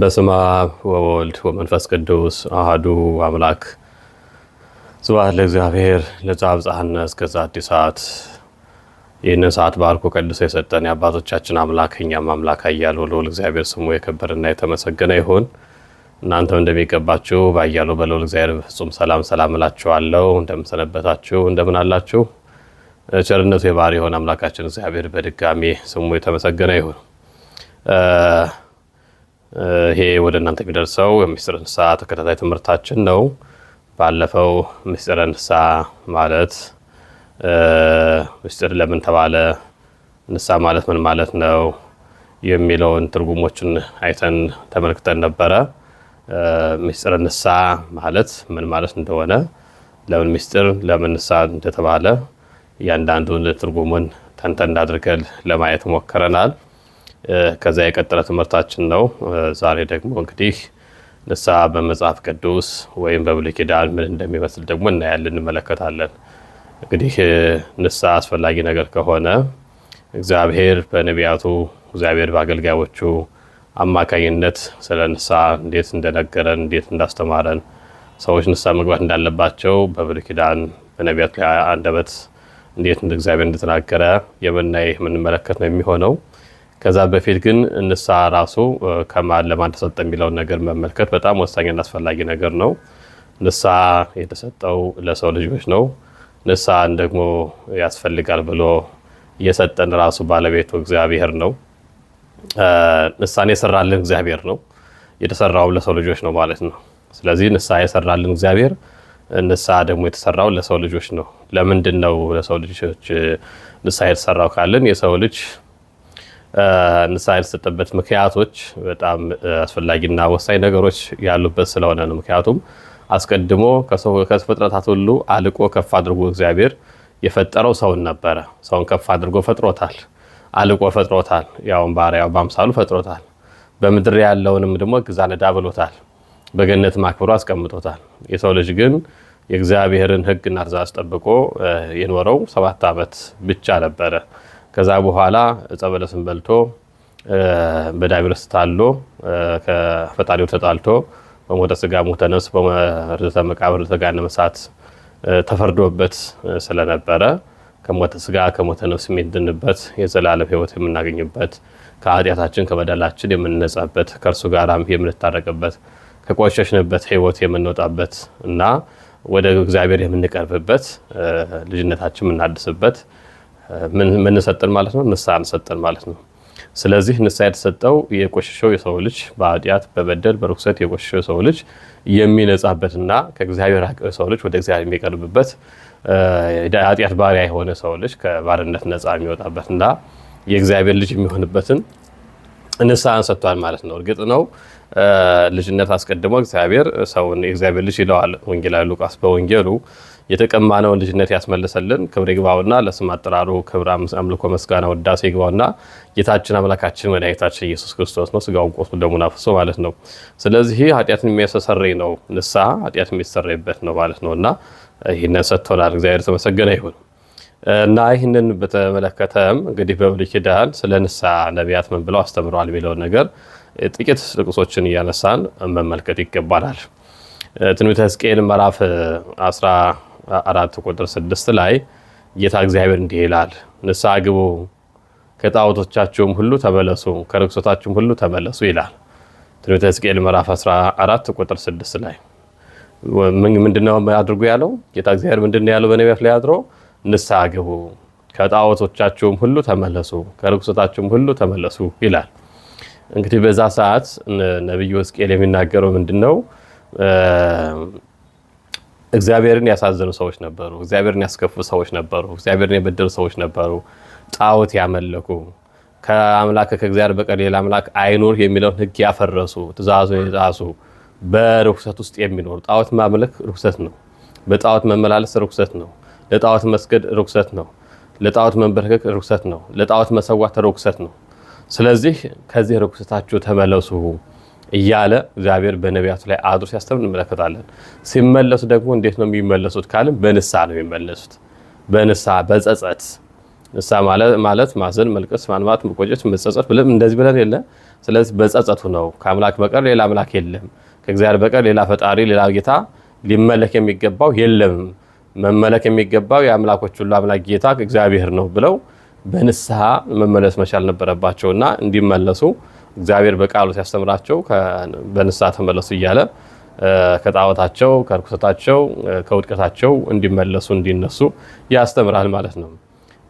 በስመ አብ ወወልድ ወመንፈስ ቅዱስ አህዱ አምላክ ስብሐት ለእግዚአብሔር ለጻብጻህነ እስከ ዛቲ ሰዓት። ይህንን ሰዓት ባርኮ ቀድሶ የሰጠን የአባቶቻችን አምላክ እኛም አምላክ አያሉ ልዑል እግዚአብሔር ስሙ የከበረና የተመሰገነ ይሁን። እናንተም እንደሚገባችሁ ባያሉ በልዑል እግዚአብሔር ፍጹም ሰላም ሰላም እላችኋለሁ። እንደምንሰነበታችሁ እንደምን አላችሁ? ቸርነቱ የባህር የሆነ አምላካችን እግዚአብሔር በድጋሚ ስሙ የተመሰገነ ይሁን። ይሄ ወደ እናንተ የሚደርሰው የምስጢረ ንስሐ ተከታታይ ትምህርታችን ነው። ባለፈው ምስጢረ ንስሐ ማለት ምስጢር ለምን ተባለ፣ ንስሐ ማለት ምን ማለት ነው የሚለውን ትርጉሞችን አይተን ተመልክተን ነበረ። ምስጢረ ንስሐ ማለት ምን ማለት እንደሆነ፣ ለምን ምስጢር፣ ለምን ንስሐ እንደተባለ እያንዳንዱን ትርጉሙን ተንተን አድርገን ለማየት ሞክረናል። ከዛ የቀጠለ ትምህርታችን ነው። ዛሬ ደግሞ እንግዲህ ንስሐ በመጽሐፍ ቅዱስ ወይም በብሉይ ኪዳን ምን እንደሚመስል ደግሞ እናያለን፣ እንመለከታለን። እንግዲህ ንስሐ አስፈላጊ ነገር ከሆነ እግዚአብሔር በነቢያቱ እግዚአብሔር በአገልጋዮቹ አማካኝነት ስለ ንስሐ እንዴት እንደነገረን እንዴት እንዳስተማረን ሰዎች ንስሐ መግባት እንዳለባቸው በብሉይ ኪዳን በነቢያቱ ላይ አንደበት እንዴት እግዚአብሔር እንደተናገረ የምናይ የምንመለከት ነው የሚሆነው። ከዛ በፊት ግን ንስሐ ራሱ ከማን ለማን ተሰጠ የሚለውን ነገር መመልከት በጣም ወሳኝና አስፈላጊ ነገር ነው። ንስሐ የተሰጠው ለሰው ልጆች ነው። ንስሐን ደግሞ ያስፈልጋል ብሎ የሰጠን ራሱ ባለቤቱ እግዚአብሔር ነው። ንስሐን የሰራልን እግዚአብሔር ነው። የተሰራው ለሰው ልጆች ነው ማለት ነው። ስለዚህ ንስሐ የሰራልን እግዚአብሔር ንስሐ ደግሞ የተሰራው ለሰው ልጆች ነው። ለምንድን ነው ለሰው ልጆች ንስሐ የተሰራው ካልን የሰው ልጅ ንስሐ የተሰጠበት ምክንያቶች በጣም አስፈላጊና ወሳኝ ነገሮች ያሉበት ስለሆነ ነው። ምክንያቱም አስቀድሞ ከፍጥረታት ሁሉ አልቆ ከፍ አድርጎ እግዚአብሔር የፈጠረው ሰውን ነበረ። ሰውን ከፍ አድርጎ ፈጥሮታል፣ አልቆ ፈጥሮታል። ያውን ባሪያው በአምሳሉ ፈጥሮታል። በምድር ያለውንም ደግሞ ግዛነዳ ብሎታል። በገነት ማክብሮ አስቀምጦታል። የሰው ልጅ ግን የእግዚአብሔርን ሕግና ትእዛዝ ጠብቆ የኖረው ሰባት ዓመት ብቻ ነበረ። ከዛ በኋላ ዕፀ በልቶ በዲያብሎስ ታሎ ከፈጣሪው ተጣልቶ በሞተ ስጋ ሞተ ነፍስ በርዘተ መቃብር ለተጋነ መሳት ተፈርዶበት ስለነበረ ከሞተ ስጋ ከሞተ ነፍስ የሚድንበት የዘላለም ህይወት የምናገኝበት ከኃጢአታችን ከበደላችን የምንነጻበት ከእርሱ ጋር የምንታረቅበት ከቆሸሽንበት ህይወት የምንወጣበት እና ወደ እግዚአብሔር የምንቀርብበት ልጅነታችን የምናድስበት ምን ሰጠን ማለት ነው? ንስሐን ሰጠን ማለት ነው። ስለዚህ ንስሐ የተሰጠው የቆሸሸው የሰው ልጅ በኃጢአት በበደል በርኩሰት የቆሸሸው የሰው ልጅ የሚነጻበትና ከእግዚአብሔር አቅብ ሰው ልጅ ወደ እግዚአብሔር የሚቀርብበት የኃጢአት ባሪያ የሆነ ሰው ልጅ ከባርነት ነጻ የሚወጣበትና የእግዚአብሔር ልጅ የሚሆንበትን ንስሐን ሰጥቷል ማለት ነው። እርግጥ ነው ልጅነት አስቀድሞ እግዚአብሔር ሰውን የእግዚአብሔር ልጅ ይለዋል ወንጌላዊ ሉቃስ በወንጌሉ የተቀማነውን ልጅነት ያስመልሰልን። ክብር ይግባውና ለስም አጠራሩ ክብር፣ አምልኮ፣ መስጋና፣ ውዳሴ ይግባውና ጌታችን አምላካችን መድኃኒታችን ኢየሱስ ክርስቶስ ነው። ስጋውን ቆርሶ ደሙን አፍሶ ማለት ነው። ስለዚህ ኃጢአትን የሚያስተሰርይ ነው። ንስሐ ኃጢአት የሚሰረይበት ነው ማለት ነው እና ይህንን ሰጥቶናል። እግዚአብሔር የተመሰገነ ይሁን እና ይህንን በተመለከተም እንግዲህ በብሉይ ኪዳን ስለ ንስሐ ነቢያት ምን ብለው አስተምረዋል የሚለውን ነገር ጥቂት ጥቅሶችን እያነሳን መመልከት ይገባናል። ትንቢተ ሕዝቅኤል ምዕራፍ አራት ቁጥር ስድስት ላይ ጌታ እግዚአብሔር እንዲህ ይላል፣ ንስሐ ግቡ ከጣዖቶቻችሁም ሁሉ ተመለሱ፣ ከርኩሰታችሁም ሁሉ ተመለሱ ይላል። ትንቢተ ሕዝቅኤል ምዕራፍ 14 ቁጥር 6 ላይ ምንድነው አድርጉ ያለው? ጌታ እግዚአብሔር ምንድነው ያለው? በነቢያት ላይ አድሮ ንስሐ ግቡ ከጣዖቶቻችሁም ሁሉ ተመለሱ፣ ከርኩሰታችሁም ሁሉ ተመለሱ ይላል። እንግዲህ በዛ ሰዓት ነቢዩ ሕዝቅኤል የሚናገረው ምንድነው? እግዚአብሔርን ያሳዘኑ ሰዎች ነበሩ። እግዚአብሔርን ያስከፉ ሰዎች ነበሩ። እግዚአብሔርን የበደሉ ሰዎች ነበሩ። ጣዖት ያመለኩ ከአምላክ ከእግዚአብሔር በቀር ሌላ አምላክ አይኖር የሚለውን ሕግ ያፈረሱ ትእዛዙን የጣሱ በርኩሰት ውስጥ የሚኖሩ ጣዖት ማምለክ ርኩሰት ነው። በጣዖት መመላለስ ርኩሰት ነው። ለጣዖት መስገድ ርኩሰት ነው። ለጣዖት መንበርከክ ርኩሰት ነው። ለጣዖት መሰዋት ርኩሰት ነው። ስለዚህ ከዚህ ርኩሰታችሁ ተመለሱ። እያለ እግዚአብሔር በነቢያቱ ላይ አድሮ ሲያስተምር እንመለከታለን። ሲመለሱ ደግሞ እንዴት ነው የሚመለሱት ካልን በንሳ ነው የሚመለሱት። በንሳ በጸጸት ንሳ ማለት ማዘን፣ መልቀስ፣ ማልማት፣ መቆጨት፣ መጸጸት ብለን እንደዚህ ብለን የለ። ስለዚህ በጸጸቱ ነው። ከአምላክ በቀር ሌላ አምላክ የለም። ከእግዚአብሔር በቀር ሌላ ፈጣሪ፣ ሌላ ጌታ ሊመለክ የሚገባው የለም። መመለክ የሚገባው የአምላኮች ሁሉ አምላክ ጌታ እግዚአብሔር ነው ብለው በንስሐ መመለስ መቻል ነበረባቸውና እንዲመለሱ እግዚአብሔር በቃሉ ሲያስተምራቸው በንስሐ ተመለሱ እያለ ከጣዖታቸው ከርኩሰታቸው ከውድቀታቸው እንዲመለሱ እንዲነሱ ያስተምራል ማለት ነው።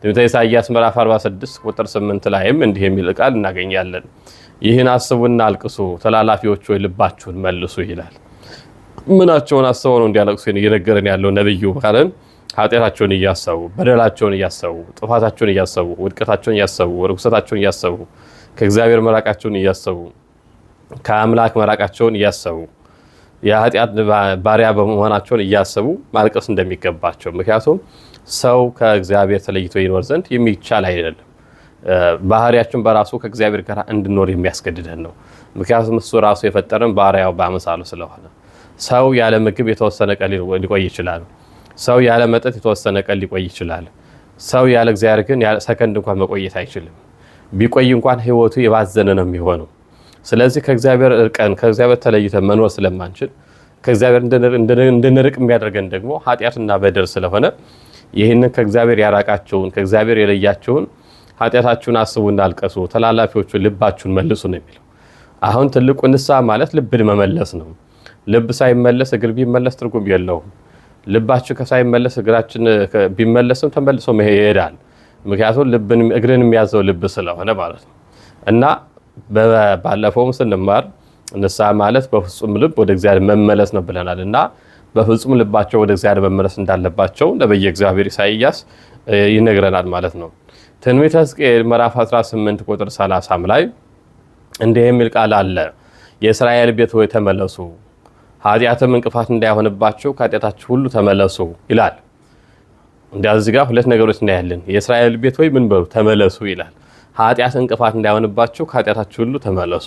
ትንቢተ ኢሳያስ ምዕራፍ 46 ቁጥር 8 ላይም እንዲህ የሚል ቃል እናገኛለን። ይህን አስቡና አልቅሱ፣ ተላላፊዎች ወይ ልባችሁን መልሱ ይላል። ምናቸውን አስበው ነው እንዲያለቅሱ እየነገረን ያለው ነብዩ ካለን ኃጢአታቸውን እያሰቡ በደላቸውን እያሰቡ ጥፋታቸውን እያሰቡ ውድቀታቸውን እያሰቡ ርኩሰታቸውን እያሰቡ ከእግዚአብሔር መራቃቸውን እያሰቡ ከአምላክ መራቃቸውን እያሰቡ የኃጢአት ባሪያ በመሆናቸውን እያሰቡ ማልቀስ እንደሚገባቸው። ምክንያቱም ሰው ከእግዚአብሔር ተለይቶ ይኖር ዘንድ የሚቻል አይደለም። ባህሪያችን በራሱ ከእግዚአብሔር ጋር እንድኖር የሚያስገድደን ነው። ምክንያቱም እሱ ራሱ የፈጠረን ባሪያው በአመሳሉ ስለሆነ ሰው ያለ ምግብ የተወሰነ ቀን ሊቆይ ይችላል። ሰው ያለ መጠጥ የተወሰነ ቀን ሊቆይ ይችላል። ሰው ያለ እግዚአብሔር ግን ሰከንድ እንኳን መቆየት አይችልም። ቢቆይ እንኳን ህይወቱ የባዘነ ነው የሚሆነው። ስለዚህ ከእግዚአብሔር እርቀን ከእግዚአብሔር ተለይተን መኖር ስለማንችል ከእግዚአብሔር እንድንርቅ የሚያደርገን ደግሞ ኃጢአትና በደር ስለሆነ ይህንን ከእግዚአብሔር ያራቃቸውን ከእግዚአብሔር የለያቸውን ኃጢአታችሁን አስቡና አልቀሱ፣ ተላላፊዎቹ ልባችሁን መልሱ ነው የሚለው። አሁን ትልቁ ንስሐ ማለት ልብን መመለስ ነው። ልብ ሳይመለስ እግር ቢመለስ ትርጉም የለውም። ልባችሁ ከሳይመለስ እግራችን ቢመለስም ተመልሶ ይሄዳል። ምክንያቱም ልብን እግርን የሚያዘው ልብ ስለሆነ ማለት ነው። እና ባለፈውም ስንማር ንስሐ ማለት በፍጹም ልብ ወደ እግዚአብሔር መመለስ ነው ብለናል። እና በፍጹም ልባቸው ወደ እግዚአብሔር መመለስ እንዳለባቸው ነቢየ እግዚአብሔር ኢሳይያስ ይነግረናል ማለት ነው። ትንቢተ ሕዝቅኤል ምዕራፍ 18 ቁጥር 30 ላይ እንዲህ የሚል ቃል አለ። የእስራኤል ቤት ሆይ ተመለሱ፣ ኃጢአትም እንቅፋት እንዳይሆንባችሁ ከኃጢአታችሁ ሁሉ ተመለሱ ይላል። እንደዚህ ጋር ሁለት ነገሮች እናያለን። የእስራኤል ቤት ወይ ምን በሉ ተመለሱ ይላል። ኃጢአት እንቅፋት እንዳይሆንባችሁ ከኃጢአታችሁ ሁሉ ተመለሱ።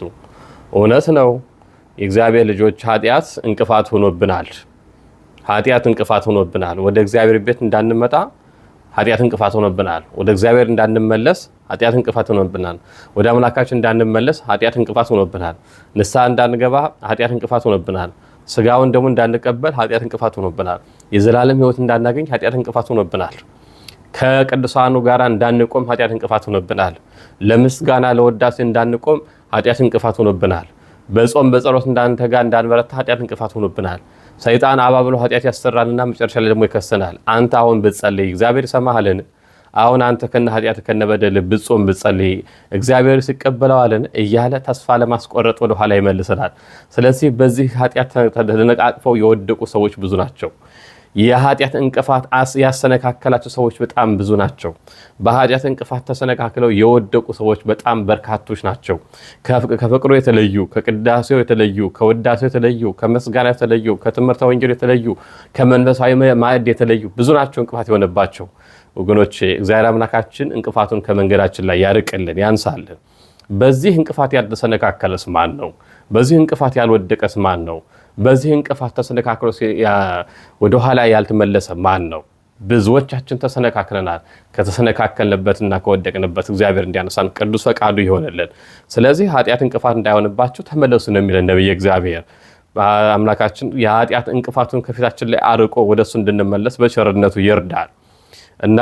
እውነት ነው። የእግዚአብሔር ልጆች ኃጢአት እንቅፋት ሆኖብናል። ኃጢአት እንቅፋት ሆኖብናል። ወደ እግዚአብሔር ቤት እንዳንመጣ ኃጢአት እንቅፋት ሆኖብናል። ወደ እግዚአብሔር እንዳንመለስ ኃጢአት እንቅፋት ሆኖብናል። ወደ አምላካችን እንዳንመለስ ኃጢአት እንቅፋት ሆኖብናል። ንስሐ እንዳንገባ ኃጢአት እንቅፋት ሆኖብናል። ስጋውን ደግሞ እንዳንቀበል ኃጢአት እንቅፋት ሆኖብናል። የዘላለም ህይወት እንዳናገኝ ኃጢአት እንቅፋት ሆኖብናል። ከቅዱሳኑ ጋር እንዳንቆም ኃጢአት እንቅፋት ሆኖብናል። ለምስጋና ለወዳሴ እንዳንቆም ኃጢአት እንቅፋት ሆኖብናል። በጾም በጸሎት እንዳንተጋ እንዳንበረታ ኃጢአት እንቅፋት ሆኖብናል። ሰይጣን አባብሎ ኃጢአት ያሰራልና መጨረሻ ላይ ደግሞ ይከሰናል። አንተ አሁን ብትጸልይ እግዚአብሔር ይሰማሃልን? አሁን አንተ ከነ ኃጢአት ከነ በደል ብጾም ብጸልይ እግዚአብሔር ሲቀበለዋልን እያለ ተስፋ ለማስቆረጥ ወደ ኋላ ይመልሰናል። ስለዚህ በዚህ ኃጢአት ተደነቃቅፈው የወደቁ ሰዎች ብዙ ናቸው። የኃጢአት እንቅፋት ያሰነካከላቸው ሰዎች በጣም ብዙ ናቸው። በኃጢአት እንቅፋት ተሰነካክለው የወደቁ ሰዎች በጣም በርካቶች ናቸው። ከፍቅሩ የተለዩ፣ ከቅዳሴው የተለዩ፣ ከውዳሴው የተለዩ፣ ከምስጋና የተለዩ፣ ከትምህርተ ወንጌል የተለዩ፣ ከመንፈሳዊ ማዕድ የተለዩ ብዙ ናቸው እንቅፋት የሆነባቸው ወገኖች እግዚአብሔር አምላካችን እንቅፋቱን ከመንገዳችን ላይ ያርቅልን፣ ያንሳልን። በዚህ እንቅፋት ያልተሰነካከለስ ማን ነው? በዚህ እንቅፋት ያልወደቀስ ማን ነው? በዚህ እንቅፋት ተሰነካክሎ ወደኋላ ያልተመለሰ ማን ነው? ብዙዎቻችን ተሰነካክለናል። ከተሰነካከልንበትና ከወደቅንበት እግዚአብሔር እንዲያነሳን ቅዱስ ፈቃዱ ይሆንልን። ስለዚህ ኃጢአት እንቅፋት እንዳይሆንባቸው ተመለሱ ነው የሚለን ነቢየ እግዚአብሔር አምላካችን። የኃጢአት እንቅፋቱን ከፊታችን ላይ አርቆ ወደሱ እንድንመለስ በቸርነቱ ይርዳል። እና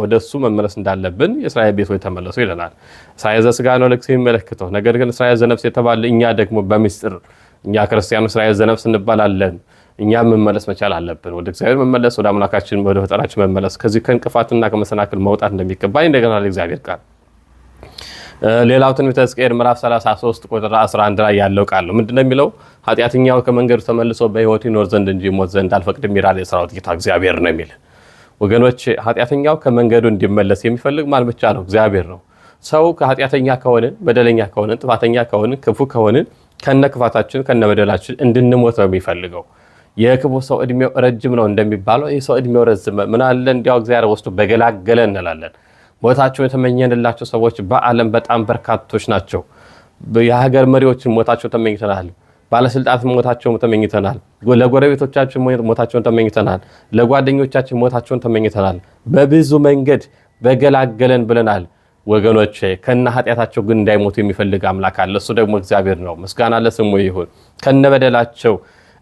ወደ እሱ መመለስ እንዳለብን የእስራኤል ቤቶች ተመለሱ ይለናል። እስራኤል ዘስጋ ነው ለክስ የሚመለክተው ነገር ግን እስራኤል ዘነፍስ የተባለ እኛ ደግሞ በምስጢር እኛ ክርስቲያኑ እስራኤል ዘነፍስ እንባላለን። እኛ መመለስ መቻል አለብን። ወደ እግዚአብሔር መመለስ፣ ወደ አምላካችን ወደ ፈጠራችን መመለስ፣ ከዚህ ከእንቅፋትና ከመሰናክል መውጣት እንደሚገባ እንደገና ለእግዚአብሔር ቃል ሌላው ትንቢተ ሕዝቅኤል ምዕራፍ 33 ቁጥር 11 ላይ ያለው ቃል ነው። ምንድነው የሚለው? ኃጢአተኛው ከመንገዱ ተመልሶ በሕይወት ይኖር ዘንድ እንጂ ሞት ዘንድ አልፈቅድም ይላል የሰራዊት ጌታ እግዚአብሔር ነው የሚል ወገኖች ኃጢአተኛው ከመንገዱ እንዲመለስ የሚፈልግ ማን ብቻ ነው? እግዚአብሔር ነው። ሰው ከኃጢአተኛ ከሆንን በደለኛ ከሆንን ጥፋተኛ ከሆንን ክፉ ከሆንን ከነ ክፋታችን ከነ በደላችን እንድንሞት ነው የሚፈልገው። የክፉ ሰው እድሜው ረጅም ነው እንደሚባለው ይህ ሰው እድሜው ረዝመ ምናለ እንዲያው እግዚአብሔር ወስዶ በገላገለ እንላለን። ሞታቸው የተመኘንላቸው ሰዎች በዓለም በጣም በርካቶች ናቸው። የሀገር መሪዎችን ሞታቸው ተመኝተናል። ባለስልጣናት ሞታቸውን ተመኝተናል። ለጎረቤቶቻችን ሞታቸውን ተመኝተናል። ለጓደኞቻችን ሞታቸውን ተመኝተናል። በብዙ መንገድ በገላገለን ብለናል። ወገኖች ከነ ኃጢአታቸው ግን እንዳይሞቱ የሚፈልግ አምላክ አለ። እሱ ደግሞ እግዚአብሔር ነው። ምስጋና ለስሙ ይሁን። ከነበደላቸው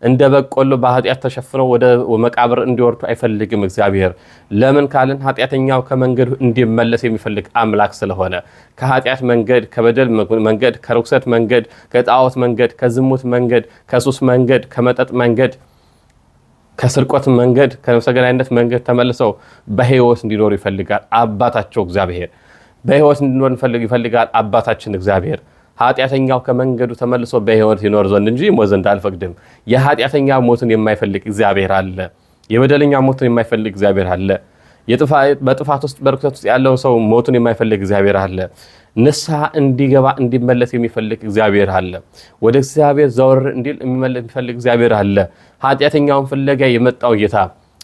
እንደ በቆሎ በኃጢአት ተሸፍነው ወደ መቃብር እንዲወርዱ አይፈልግም እግዚአብሔር። ለምን ካልን ኃጢአተኛው ከመንገዱ እንዲመለስ የሚፈልግ አምላክ ስለሆነ ከኃጢአት መንገድ፣ ከበደል መንገድ፣ ከርኩሰት መንገድ፣ ከጣዖት መንገድ፣ ከዝሙት መንገድ፣ ከሱስ መንገድ፣ ከመጠጥ መንገድ፣ ከስርቆት መንገድ፣ ከነፍሰ ገዳይነት መንገድ ተመልሰው በህይወት እንዲኖሩ ይፈልጋል አባታቸው እግዚአብሔር። በህይወት እንዲኖር ይፈልጋል አባታችን እግዚአብሔር። ኃጢአተኛው ከመንገዱ ተመልሶ በህይወት ይኖር ዘንድ እንጂ ሞት ዘንድ አልፈቅድም። የኃጢአተኛ ሞትን የማይፈልግ እግዚአብሔር አለ። የበደለኛ ሞትን የማይፈልግ እግዚአብሔር አለ። በጥፋት ውስጥ በርኩሰት ውስጥ ያለውን ሰው ሞቱን የማይፈልግ እግዚአብሔር አለ። ንስሐ እንዲገባ እንዲመለስ የሚፈልግ እግዚአብሔር አለ። ወደ እግዚአብሔር ዘወር እንዲል የሚፈልግ እግዚአብሔር አለ። ኃጢአተኛውን ፍለጋ የመጣው ጌታ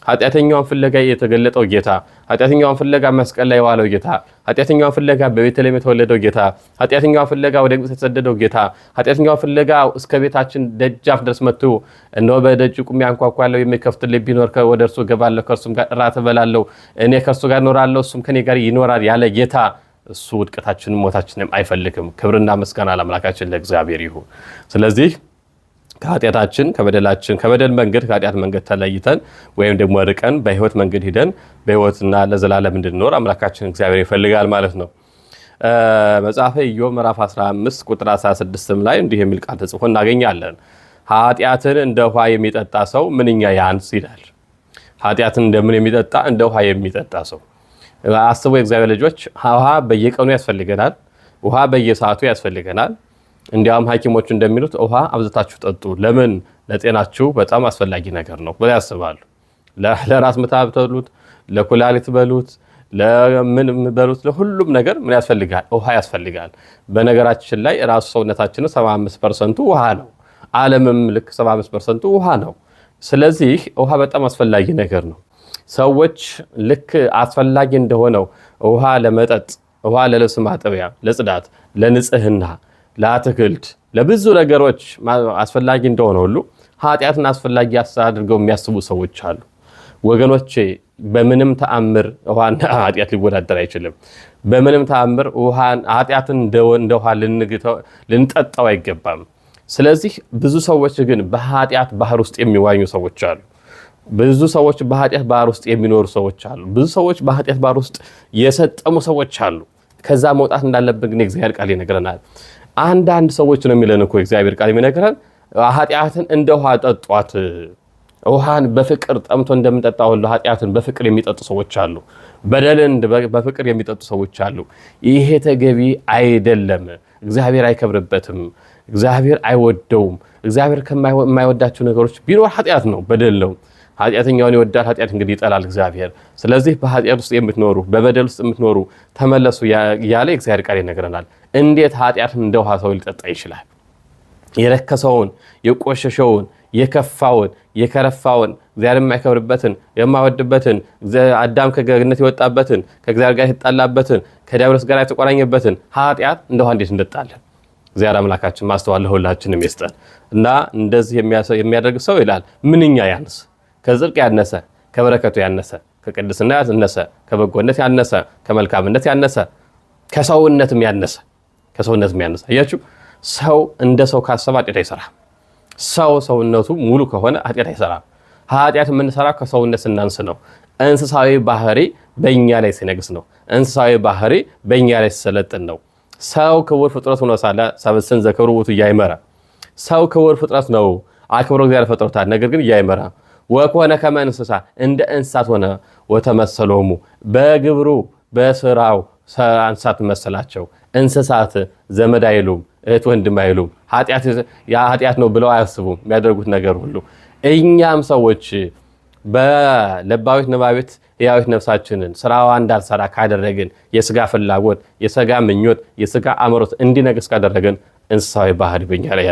ኃጢአተኛውን ፍለጋ የተገለጠው ጌታ፣ ኃጢአተኛውን ፍለጋ መስቀል ላይ የዋለው ጌታ፣ ኃጢአተኛውን ፍለጋ በቤተልሔም የተወለደው ጌታ፣ ኃጢአተኛውን ፍለጋ ወደ ግብፅ የተሰደደው ጌታ፣ ኃጢአተኛውን ፍለጋ እስከ ቤታችን ደጃፍ ድረስ መጥቶ እነሆ በደጅ ቁሚ አንኳኳለሁ፣ የሚከፍትልኝ ቢኖር ወደ እርሱ እገባለሁ፣ ከእርሱም ጋር እራት እበላለሁ፣ እኔ ከእርሱ ጋር እኖራለሁ፣ እሱም ከኔ ጋር ይኖራል ያለ ጌታ እሱ ውድቀታችንም ሞታችንም አይፈልግም። ክብርና ምስጋና ለአምላካችን ለእግዚአብሔር ይሁን። ስለዚህ ከኃጢአታችን ከበደላችን ከበደል መንገድ ከኃጢአት መንገድ ተለይተን ወይም ደግሞ ርቀን በህይወት መንገድ ሂደን በህይወትና ለዘላለም እንድንኖር አምላካችን እግዚአብሔር ይፈልጋል ማለት ነው። መጽሐፈ ኢዮብ ምዕራፍ 15 ቁጥር 16 ላይ እንዲህ የሚል ቃል ተጽፎ እናገኛለን። ኃጢአትን እንደ ውሃ የሚጠጣ ሰው ምንኛ ያንስ ይላል። ኃጢአትን እንደምን የሚጠጣ እንደ ውሃ የሚጠጣ ሰው አስቡ። የእግዚአብሔር ልጆች ውሃ በየቀኑ ያስፈልገናል። ውሃ በየሰዓቱ ያስፈልገናል። እንዲያውም ሐኪሞቹ እንደሚሉት ውሃ አብዝታችሁ ጠጡ። ለምን? ለጤናችሁ በጣም አስፈላጊ ነገር ነው ብለው ያስባሉ። ለራስ ምታት በሉት፣ ለኩላሊት በሉት፣ ለምን በሉት፣ ለሁሉም ነገር ምን ያስፈልጋል? ውሃ ያስፈልጋል። በነገራችን ላይ ራሱ ሰውነታችን 75 ፐርሰንቱ ውሃ ነው። ዓለምም ልክ 75 ፐርሰንቱ ውሃ ነው። ስለዚህ ውሃ በጣም አስፈላጊ ነገር ነው። ሰዎች ልክ አስፈላጊ እንደሆነው ውሃ ለመጠጥ፣ ውሃ ለልብስ ማጠቢያ፣ ለጽዳት፣ ለንጽህና ለአትክልት ለብዙ ነገሮች አስፈላጊ እንደሆነ ሁሉ ኃጢአትን አስፈላጊ አድርገው የሚያስቡ ሰዎች አሉ። ወገኖቼ በምንም ተአምር ውሃና ኃጢአት ሊወዳደር አይችልም። በምንም ተአምር ኃጢአትን እንደ ውሃ ልንጠጣው አይገባም። ስለዚህ ብዙ ሰዎች ግን በኃጢአት ባህር ውስጥ የሚዋኙ ሰዎች አሉ። ብዙ ሰዎች በኃጢአት ባህር ውስጥ የሚኖሩ ሰዎች አሉ። ብዙ ሰዎች በኃጢአት ባህር ውስጥ የሰጠሙ ሰዎች አሉ። ከዛ መውጣት እንዳለብን ግን የእግዚአብሔር ቃል ይነግረናል። አንዳንድ ሰዎች ነው የሚለን እኮ እግዚአብሔር ቃል የሚነግረን ኃጢአትን እንደ ውሃ ጠጧት። ውሃን በፍቅር ጠምቶ እንደምንጠጣ ሁሉ ኃጢአትን በፍቅር የሚጠጡ ሰዎች አሉ። በደልን በፍቅር የሚጠጡ ሰዎች አሉ። ይሄ ተገቢ አይደለም። እግዚአብሔር አይከብርበትም። እግዚአብሔር አይወደውም። እግዚአብሔር ከማይወዳቸው ነገሮች ቢኖር ኃጢአት ነው፣ በደል ነው። ኃጢአተኛውን ይወዳል፣ ኃጢአት እንግዲህ ይጠላል እግዚአብሔር። ስለዚህ በኃጢአት ውስጥ የምትኖሩ በበደል ውስጥ የምትኖሩ ተመለሱ እያለ እግዚአብሔር ቃል ይነግረናል። እንዴት ኃጢአትን እንደ ውሃ ሰው ሊጠጣ ይችላል? የረከሰውን፣ የቆሸሸውን፣ የከፋውን፣ የከረፋውን እግዚአብሔር የማይከብርበትን የማወድበትን አዳም ከገነት የወጣበትን ከእግዚአብሔር ጋር የተጣላበትን ከዲያብሎስ ጋር የተቆራኘበትን ኃጢአት እንደ ውሃ እንዴት እንጠጣለን? እግዚአብሔር አምላካችን ማስተዋል ሁላችንም ይስጠን እና እንደዚህ የሚያደርግ ሰው ይላል ምንኛ ያንስ ከጽድቅ ያነሰ ከበረከቱ ያነሰ ከቅድስና ያነሰ ከበጎነት ያነሰ ከመልካምነት ያነሰ ከሰውነትም ያነሰ ከሰውነት የሚያነሳ አያችሁ። ሰው እንደ ሰው ካሰበ ኃጢአት አይሰራ። ሰው ሰውነቱ ሙሉ ከሆነ ኃጢአት አይሰራ። ኃጢአት የምንሰራ ከሰውነት ስናንስ ነው። እንስሳዊ ባህሪ በእኛ ላይ ሲነግስ ነው። እንስሳዊ ባህሪ በእኛ ላይ ሲሰለጥን ነው። ሰው ክቡር ፍጥረት ሆኖ ሳለ ሰብእንሰ ዘክብር ውእቱ ኢያእመረ። ሰው ክቡር ፍጥረት ነው፣ አክብሮ እግዚአብሔር ፈጥሮታል። ነገር ግን እያይመራ ወኮነ ከመ እንስሳ፣ እንደ እንስሳት ሆነ። ወተመሰሎሙ በግብሩ በስራው እንስሳት መሰላቸው። እንስሳት ዘመድ አይሉም፣ እህት ወንድም አይሉም፣ ኃጢአት ነው ብለው አያስቡም። የሚያደርጉት ነገር ሁሉ እኛም ሰዎች በለባዊት ንባቤት ሕያዊት ነፍሳችንን ስራዋ እንዳልሰራ ካደረግን የስጋ ፍላጎት፣ የስጋ ምኞት፣ የስጋ አምሮት እንዲነግስ ካደረግን እንስሳዊ ባህሪ በኛ ላይ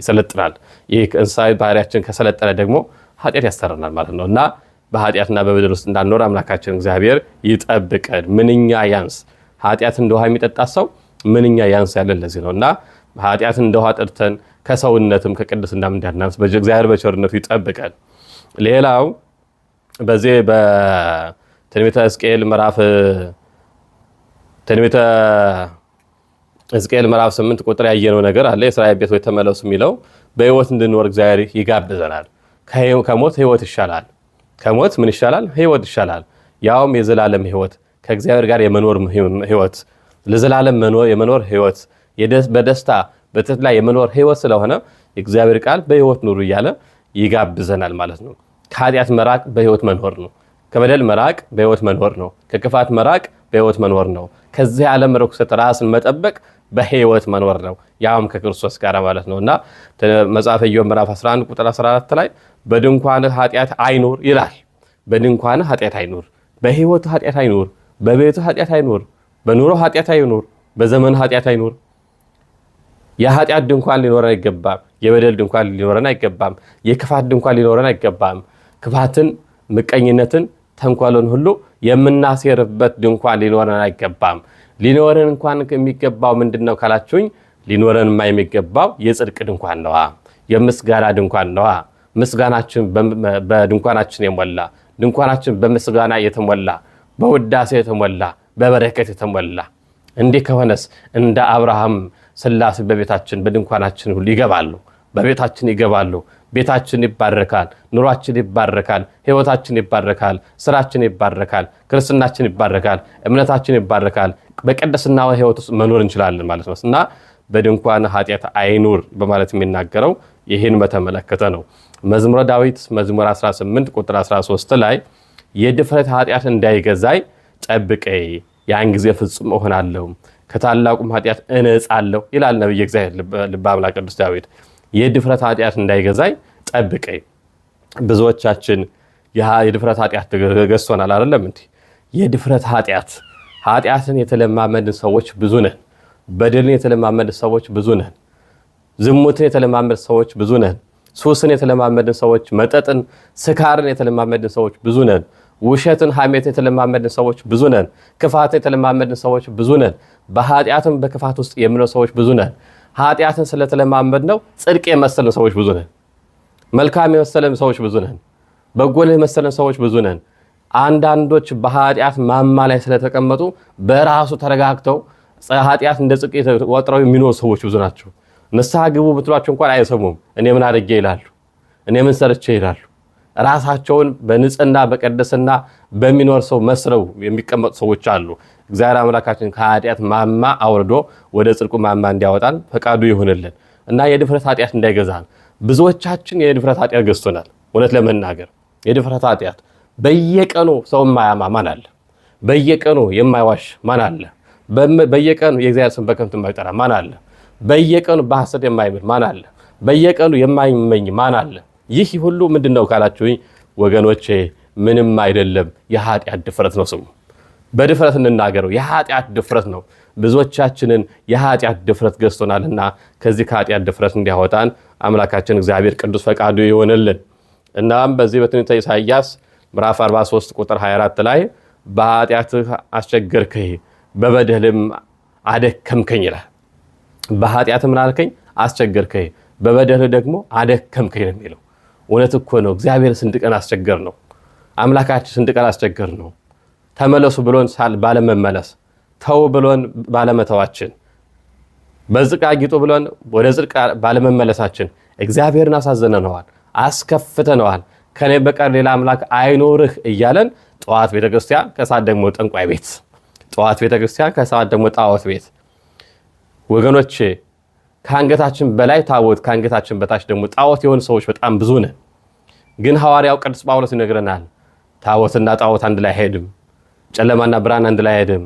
ይሰለጥናል። ይህ እንስሳዊ ባህሪያችን ከሰለጠነ ደግሞ ኃጢአት ያሰረናል ማለት ነው እና በኃጢአትና በበደል ውስጥ እንዳንኖር አምላካችን እግዚአብሔር ይጠብቀን። ምንኛ ያንስ ኃጢአት እንደ ውሃ የሚጠጣ ሰው ምንኛ ያንስ ያለን ለዚህ ነው እና ኃጢአት እንደ ውሃ ጠድተን ከሰውነትም ከቅድስናም እንዳናንስ እግዚአብሔር በቸርነቱ ይጠብቀን። ሌላው በዚህ በትንቢተ ሕዝቅኤል ምዕራፍ ትንቢተ ሕዝቅኤል ምዕራፍ ስምንት ቁጥር ያየነው ነገር አለ። የእስራኤል ቤት ወይ ተመለሱ የሚለው በህይወት እንድንኖር እግዚአብሔር ይጋብዘናል። ከሞት ህይወት ይሻላል። ከሞት ምን ይሻላል? ህይወት ይሻላል። ያውም የዘላለም ህይወት ከእግዚአብሔር ጋር የመኖር ህይወት ለዘላለም የመኖር ህይወት በደስታ በትት ላይ የመኖር ህይወት ስለሆነ የእግዚአብሔር ቃል በህይወት ኑሩ እያለ ይጋብዘናል ማለት ነው። ከኃጢአት መራቅ በህይወት መኖር ነው። ከበደል መራቅ በህይወት መኖር ነው። ከክፋት መራቅ በህይወት መኖር ነው። ከዚህ ዓለም ርኩሰት ራስን መጠበቅ በህይወት መኖር ነው፣ ያውም ከክርስቶስ ጋር ማለት ነው እና መጽሐፈ ኢዮብ ምዕራፍ 11 ቁጥር 14 ላይ በድንኳን ኃጢአት አይኑር ይላል። በድንኳን ኃጢአት አይኑር፣ በህይወት ኃጢአት አይኑር በቤቱ ኃጢአት አይኖር፣ በኑሮ ኃጢአት አይኖር፣ በዘመኑ ኃጢአት አይኖር። የኃጢአት ድንኳን ሊኖረን አይገባም። የበደል ድንኳን ሊኖረን አይገባም። የክፋት ድንኳን ሊኖረን አይገባም። ክፋትን፣ ምቀኝነትን፣ ተንኮልን ሁሉ የምናሴርበት ድንኳን ሊኖረን አይገባም። ሊኖረን እንኳን የሚገባው ምንድን ነው ካላችሁኝ፣ ሊኖረንማ የሚገባው የጽድቅ ድንኳን ነዋ፣ የምስጋና ድንኳን ነዋ። ምስጋናችን በድንኳናችን የሞላ ድንኳናችን በምስጋና የተሞላ በውዳሴ የተሞላ በበረከት የተሞላ እንዲህ ከሆነስ እንደ አብርሃም ስላሴ በቤታችን በድንኳናችን ሁሉ ይገባሉ፣ በቤታችን ይገባሉ። ቤታችን ይባረካል፣ ኑሯችን ይባረካል፣ ህይወታችን ይባረካል፣ ስራችን ይባረካል፣ ክርስትናችን ይባረካል፣ እምነታችን ይባረካል። በቅድስና ህይወት ውስጥ መኖር እንችላለን ማለት ነው እና በድንኳን ኃጢአት አይኑር በማለት የሚናገረው ይህን በተመለከተ ነው። መዝሙረ ዳዊት መዝሙር 18 ቁጥር 13 ላይ የድፍረት ኃጢአት እንዳይገዛይ ጠብቀይ፣ ያን ጊዜ ፍጹም እሆናለሁ ከታላቁም ኃጢአት እነጻለሁ ይላል ነብይ እግዚአብሔር ልበ አምላክ ቅዱስ ዳዊት። የድፍረት ኃጢአት እንዳይገዛይ ጠብቀይ። ብዙዎቻችን የድፍረት ኃጢአት ገዝቶናል። አይደለም እንዲ የድፍረት ኃጢአት ኃጢአትን የተለማመድን ሰዎች ብዙ ነን። በደልን የተለማመድን ሰዎች ብዙ ነን። ዝሙትን የተለማመድን ሰዎች ብዙ ነን። ሱስን የተለማመድን ሰዎች፣ መጠጥን፣ ስካርን የተለማመድን ሰዎች ብዙ ነን። ውሸትን፣ ሐሜት የተለማመድን ሰዎች ብዙ ነን። ክፋት የተለማመድን ሰዎች ብዙ ነን። በኃጢአትም በክፋት ውስጥ የምንኖር ሰዎች ብዙ ነን። ኃጢአትን ስለተለማመድ ነው ጽድቅ የመሰልን ሰዎች ብዙ ነን። መልካም የመሰለን ሰዎች ብዙ ነን። በጎል የመሰለን ሰዎች ብዙ ነን። አንዳንዶች በኃጢአት ማማ ላይ ስለተቀመጡ በራሱ ተረጋግተው ኃጢአት እንደ ጽድቅ ወጥረው የሚኖሩ ሰዎች ብዙ ናቸው። ንስሐ ግቡ ብትሏቸው እንኳን አይሰሙም። እኔ ምን አድርጌ ይላሉ። እኔ ምን ሰርቼ ይላሉ። ራሳቸውን በንጽህና በቅድስና በሚኖር ሰው መስለው የሚቀመጡ ሰዎች አሉ። እግዚአብሔር አምላካችን ከኃጢአት ማማ አውርዶ ወደ ጽድቁ ማማ እንዲያወጣን ፈቃዱ ይሁንልን እና የድፍረት ኃጢአት እንዳይገዛን። ብዙዎቻችን የድፍረት ኃጢአት ገዝቶናል። እውነት ለመናገር የድፍረት ኃጢአት በየቀኑ ሰው የማያማ ማን አለ? በየቀኑ የማይዋሽ ማን አለ? በየቀኑ የእግዚአብሔር ስም በከንቱ የማይጠራ ማን አለ? በየቀኑ በሐሰት የማይምል ማን አለ? በየቀኑ የማይመኝ ማን አለ? ይህ ሁሉ ምንድን ነው ካላችሁኝ ወገኖቼ ምንም አይደለም፣ የኃጢአት ድፍረት ነው። ስሙ፣ በድፍረት እንናገረው፣ የኃጢአት ድፍረት ነው። ብዙዎቻችንን የኃጢአት ድፍረት ገዝቶናልና ከዚህ ከኃጢአት ድፍረት እንዲያወጣን አምላካችን እግዚአብሔር ቅዱስ ፈቃዱ ይሆንልን። እናም በዚህ በትንቢተ ኢሳይያስ ምዕራፍ 43 ቁጥር 24 ላይ በኃጢአትህ አስቸገርከኝ በበደልም አደከምከኝ ይላል። በኃጢአት ምን አልከኝ? አስቸገርከኝ፣ በበደልህ ደግሞ አደከምከኝ ነው የሚለው እውነት እኮ ነው። እግዚአብሔር ስንት ቀን አስቸገር ነው። አምላካችን ስንት ቀን አስቸገር ነው። ተመለሱ ብሎን ሳል ባለመመለስ፣ ተው ብሎን ባለመተዋችን፣ በዝቃ ጊጡ ብሎን ወደ ጽድቅ ባለመመለሳችን እግዚአብሔርን አሳዘነነዋል፣ አስከፍተነዋል። ከኔ በቀር ሌላ አምላክ አይኖርህ እያለን ጠዋት ቤተክርስቲያን፣ ከሰዓት ደግሞ ጠንቋይ ቤት፣ ጠዋት ቤተክርስቲያን፣ ከሰዓት ደግሞ ጣዖት ቤት ወገኖቼ ከአንገታችን በላይ ታቦት ከአንገታችን በታች ደግሞ ጣዖት የሆኑ ሰዎች በጣም ብዙ ነን። ግን ሐዋርያው ቅዱስ ጳውሎስ ይነግረናል፣ ታቦትና ጣዖት አንድ ላይ አይሄድም፣ ጨለማና ብርሃን አንድ ላይ አይሄድም።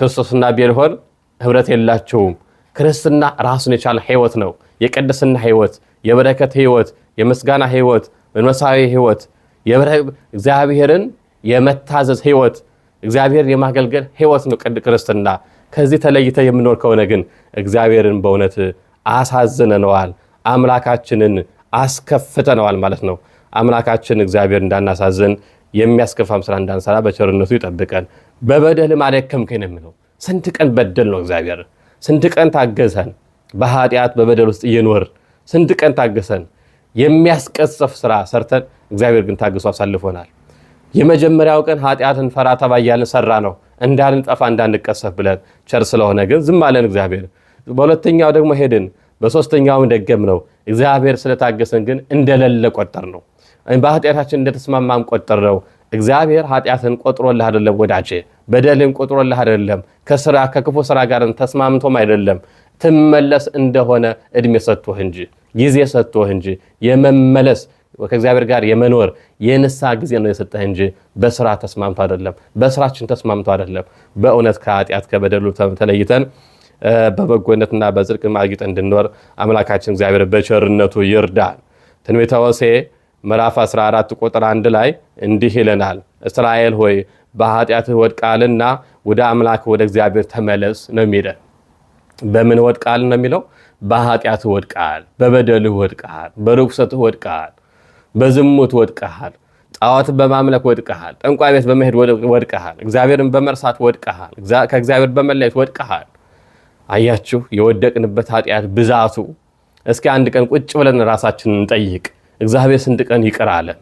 ክርስቶስና ቤልሆን ህብረት የላቸውም። ክርስትና ራሱን የቻለ ህይወት ነው። የቅድስና ህይወት፣ የበረከት ህይወት፣ የምስጋና ህይወት፣ መንፈሳዊ ህይወት፣ እግዚአብሔርን የመታዘዝ ህይወት፣ እግዚአብሔርን የማገልገል ህይወት ነው ክርስትና። ከዚህ ተለይተ የምኖር ከሆነ ግን እግዚአብሔርን በእውነት አሳዝነነዋል፣ አምላካችንን አስከፍተነዋል ማለት ነው። አምላካችን እግዚአብሔር እንዳናሳዝን የሚያስከፋም ስራ እንዳንሰራ በቸርነቱ ይጠብቀን። በበደል አደከምከኝ ነው የሚለው። ስንት ቀን በደል ነው እግዚአብሔር፣ ስንት ቀን ታገሰን። በኃጢአት በበደል ውስጥ እየኖር ስንት ቀን ታገሰን። የሚያስቀጽፍ ስራ ሰርተን እግዚአብሔር ግን ታግሶ አሳልፎናል። የመጀመሪያው ቀን ኃጢአትን ፈራ ተባያልን ሰራ ነው እንዳንጠፋ እንዳንቀሰፍ ብለን ቸር ስለሆነ ግን ዝም አለን እግዚአብሔር በሁለተኛው ደግሞ ሄድን፣ በሶስተኛውም ደገም ነው። እግዚአብሔር ስለታገሰን ግን እንደሌለ ቆጠር ነው። በኃጢአታችን እንደተስማማም ቆጠር ነው። እግዚአብሔር ኃጢአትን ቆጥሮልህ አይደለም ወዳጄ፣ በደልን ቆጥሮልህ አይደለም። ከስራ ከክፉ ስራ ጋር ተስማምቶም አይደለም ትመለስ እንደሆነ እድሜ ሰጥቶህ እንጂ ጊዜ ሰጥቶህ እንጂ የመመለስ ከእግዚአብሔር ጋር የመኖር የንሳ ጊዜ ነው የሰጠህ እንጂ በስራ ተስማምቶ አይደለም፣ በስራችን ተስማምቶ አይደለም። በእውነት ከኃጢአት ከበደሉ ተለይተን በበጎነትና በጽድቅ ማግኘት እንድንኖር አምላካችን እግዚአብሔር በቸርነቱ ይርዳል። ትንቢተ ሆሴዕ ምዕራፍ 14 ቁጥር 1 ላይ እንዲህ ይለናል፣ እስራኤል ሆይ በኃጢአትህ ወድቃልና ወደ አምላክ ወደ እግዚአብሔር ተመለስ ነው የሚለን። በምን ወድቃል ነው የሚለው? በኃጢአትህ ወድቃል፣ በበደልህ ወድቃል፣ በርኩሰትህ ወድቃል፣ በዝሙት ወድቃል፣ ጣዖትን በማምለክ ወድቃል፣ ጠንቋይ ቤት በመሄድ ወድቃል፣ እግዚአብሔርን በመርሳት ወድቃል፣ ከእግዚአብሔር በመለየት ወድቃል። አያችሁ የወደቅንበት ኃጢአት ብዛቱ። እስኪ አንድ ቀን ቁጭ ብለን ራሳችንን እንጠይቅ። እግዚአብሔር ስንት ቀን ይቅር አለን?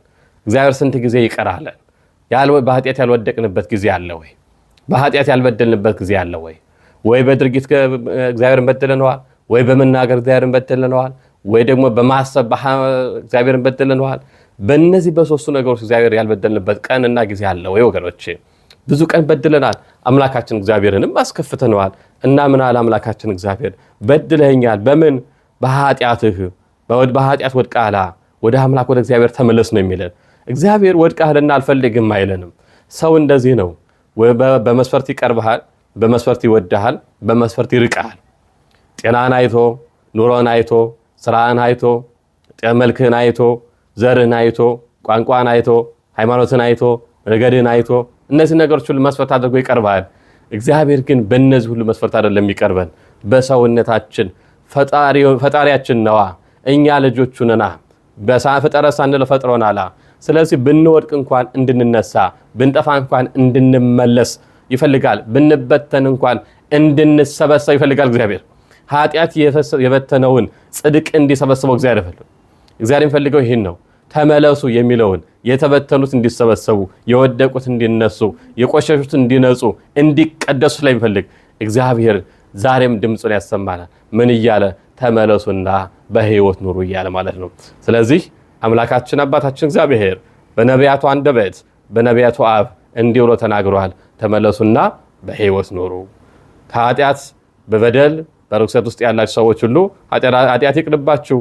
እግዚአብሔር ስንት ጊዜ ይቅር አለን? በኃጢአት ያልወደቅንበት ጊዜ አለ ወይ? በኃጢአት ያልበደልንበት ጊዜ አለ ወይ? ወይ በድርጊት እግዚአብሔርን በደለነዋል፣ ወይ በመናገር እግዚአብሔርን በደለነዋል፣ ወይ ደግሞ በማሰብ እግዚአብሔርን በደለነዋል። በእነዚህ በሶስቱ ነገሮች እግዚአብሔር ያልበደልንበት ቀንና ጊዜ አለ ወይ? ወገኖች ብዙ ቀን በድለናል። አምላካችን እግዚአብሔርንም አስከፍተነዋል። እና ምን አለ አምላካችን እግዚአብሔር በድለኛል። በምን በኃጢአትህ በኃጢአት ወድቃላ ወደ አምላክ ወደ እግዚአብሔር ተመለስ ነው የሚለን። እግዚአብሔር ወድቃህልና አልፈልግም አይለንም። ሰው እንደዚህ ነው። በመስፈርት ይቀርብሃል፣ በመስፈርት ይወድሃል፣ በመስፈርት ይርቅሃል። ጤናን አይቶ ኑሮን አይቶ ስራን አይቶ መልክህን አይቶ ዘርህን አይቶ ቋንቋን አይቶ ሃይማኖትን አይቶ ነገድህን አይቶ እነዚህ ነገሮች ሁሉ መስፈርት አድርጎ ይቀርብሃል። እግዚአብሔር ግን በእነዚህ ሁሉ መስፈርት አይደለም የሚቀርበን፣ በሰውነታችን ፈጣሪያችን ነዋ። እኛ ልጆቹ ነና ፍጠረ ሳንል ፈጥሮናላ። ስለዚህ ብንወድቅ እንኳን እንድንነሳ፣ ብንጠፋ እንኳን እንድንመለስ ይፈልጋል። ብንበተን እንኳን እንድንሰበሰብ ይፈልጋል እግዚአብሔር። ኃጢአት የበተነውን ጽድቅ እንዲሰበስበው እግዚአብሔር ይፈልግ እግዚአብሔር የሚፈልገው ይህን ነው። ተመለሱ የሚለውን የተበተኑት እንዲሰበሰቡ፣ የወደቁት እንዲነሱ፣ የቆሸሹት እንዲነጹ፣ እንዲቀደሱ ስለሚፈልግ እግዚአብሔር ዛሬም ድምፁን ያሰማናል። ምን እያለ ተመለሱና በህይወት ኑሩ እያለ ማለት ነው። ስለዚህ አምላካችን አባታችን እግዚአብሔር በነቢያቱ አንደበት በነቢያቱ አፍ እንዲህ ብሎ ተናግሯል። ተመለሱና በህይወት ኑሩ። ከኃጢአት በበደል በርኩሰት ውስጥ ያላችሁ ሰዎች ሁሉ ኃጢአት ይቅርባችሁ፣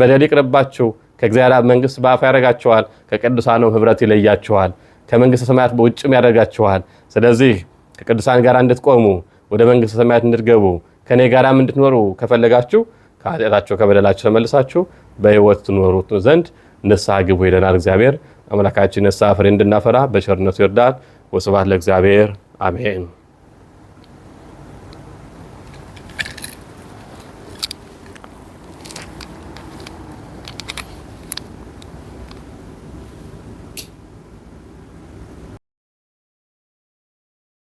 በደል ይቅርባችሁ ከእግዚአብሔር መንግስት በአፍ ያደርጋችኋል፣ ከቅዱሳንም ህብረት ይለያችኋል፣ ከመንግስት ሰማያት በውጭም ያደርጋችኋል። ስለዚህ ከቅዱሳን ጋር እንድትቆሙ ወደ መንግስት ሰማያት እንድትገቡ ከእኔ ጋራም እንድትኖሩ ከፈለጋችሁ ከኃጢአታቸው ከበደላቸው ተመልሳችሁ በህይወት ትኖሩት ዘንድ ንስሐ ግቡ ይለናል እግዚአብሔር። አምላካችን ንስሐ ፍሬ እንድናፈራ በቸርነቱ ይርዳን። ወስብሐት ለእግዚአብሔር አሜን።